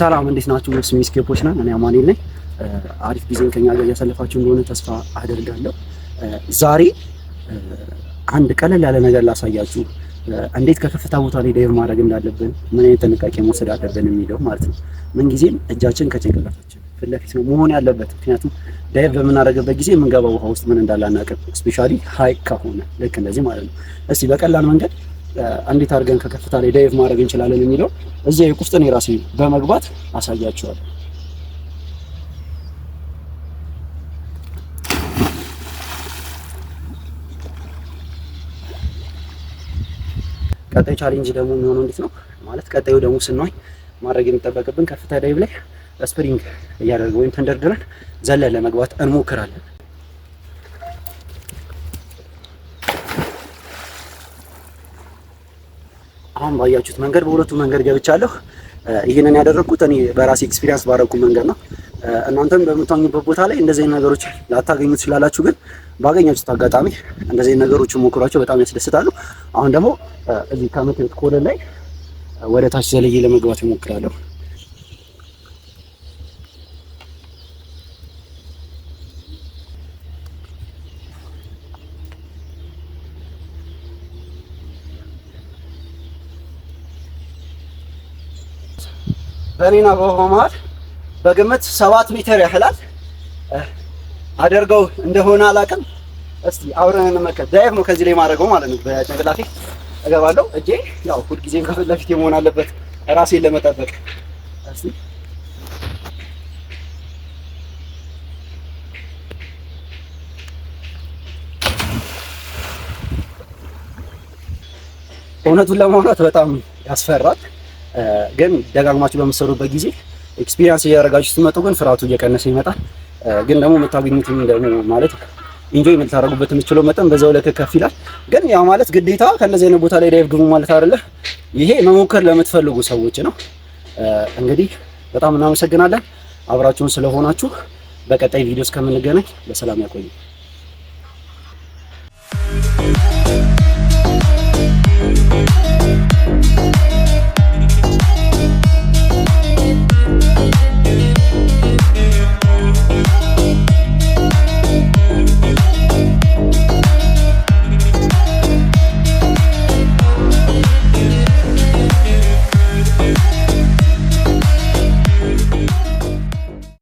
ሰላም እንዴት ናችሁ? ውድ ሚስኬፖች ነን። እኔ አማኑኤል ነኝ። አሪፍ ጊዜ ከኛ ጋር እያሳለፋችሁ እንደሆነ ተስፋ አደርጋለሁ። ዛሬ አንድ ቀለል ያለ ነገር ላሳያችሁ፣ እንዴት ከከፍታ ቦታ ላይ ዳይቭ ማድረግ እንዳለብን፣ ምን አይነት ጥንቃቄ መውሰድ አለብን የሚለው ማለት ነው። ምንጊዜም እጃችን ከጭንቅላታችን ፊት ለፊት ነው መሆን ያለበት። ምክንያቱም ዳይቭ በምናደርግበት ጊዜ የምንገባው ውሃ ውስጥ ምን እንዳላናቅም፣ ስፔሻሊ ሀይቅ ከሆነ ልክ እንደዚህ ማለት ነው። እስቲ በቀላል መንገድ እንዴት አድርገን ከከፍታ ላይ ዳይቭ ማድረግ እንችላለን የሚለው እዚያ የቁፍጥን ራሴ በመግባት አሳያቸዋል። ቀጣይ ቻሌንጅ ደግሞ የሚሆነው እንዴት ነው ማለት ቀጣዩ ደግሞ ስንዋኝ ማድረግ የሚጠበቅብን ከፍታ ዳይቭ ላይ ስፕሪንግ እያደረገ ወይም ተንደርድረን ዘለን ለመግባት እንሞክራለን። አሁን ባያችሁት መንገድ በሁለቱ መንገድ ገብቻለሁ። ይህንን ያደረግኩት እኔ በራሴ ኤክስፒሪያንስ ባረኩ መንገድ ነው። እናንተም በምታኙበት ቦታ ላይ እንደዚህ ነገሮች ላታገኙ ትችላላችሁ፣ ግን ባገኛችሁት አጋጣሚ እንደዚህ ነገሮች ሞክሯቸው፣ በጣም ያስደስታሉ። አሁን ደግሞ እዚህ ከመትት ኮለን ላይ ወደ ታች ዘለዬ ለመግባት ይሞክራለሁ። በእኔና በውሃው መሀል በግምት ሰባት ሜትር ያህላል አደርገው እንደሆነ አላውቅም። እስቲ አብረን እንመከር። ዳይቭ ነው ከዚህ ላይ ማድረገው ማለት ነው። በጭንቅላቴ እገባለሁ። እጄ ያው ሁልጊዜም ከፊት ለፊት መሆን አለበት ራሴን ለመጠበቅ። እስቲ እውነቱን ለማውራት በጣም ያስፈራል። ግን ደጋግማችሁ በምትሰሩበት ጊዜ ኤክስፒሪያንስ እያደረጋችሁ ስትመጡ ግን ፍርሃቱ እየቀነሰ ይመጣል። ግን ደግሞ የምታገኙትም ደግሞ ማለት ኢንጆይ የምታደርጉበት የምችለው መጠን በዛው ልክ ከፍ ይላል። ግን ያ ማለት ግዴታ ከእንደዚህ አይነት ቦታ ላይ ዳይቭ ግቡ ማለት አይደለም። ይሄ መሞከር ለምትፈልጉ ሰዎች ነው። እንግዲህ በጣም እናመሰግናለን አብራችሁን ስለሆናችሁ። በቀጣይ ቪዲዮ እስከምንገናኝ በሰላም ያቆዩ።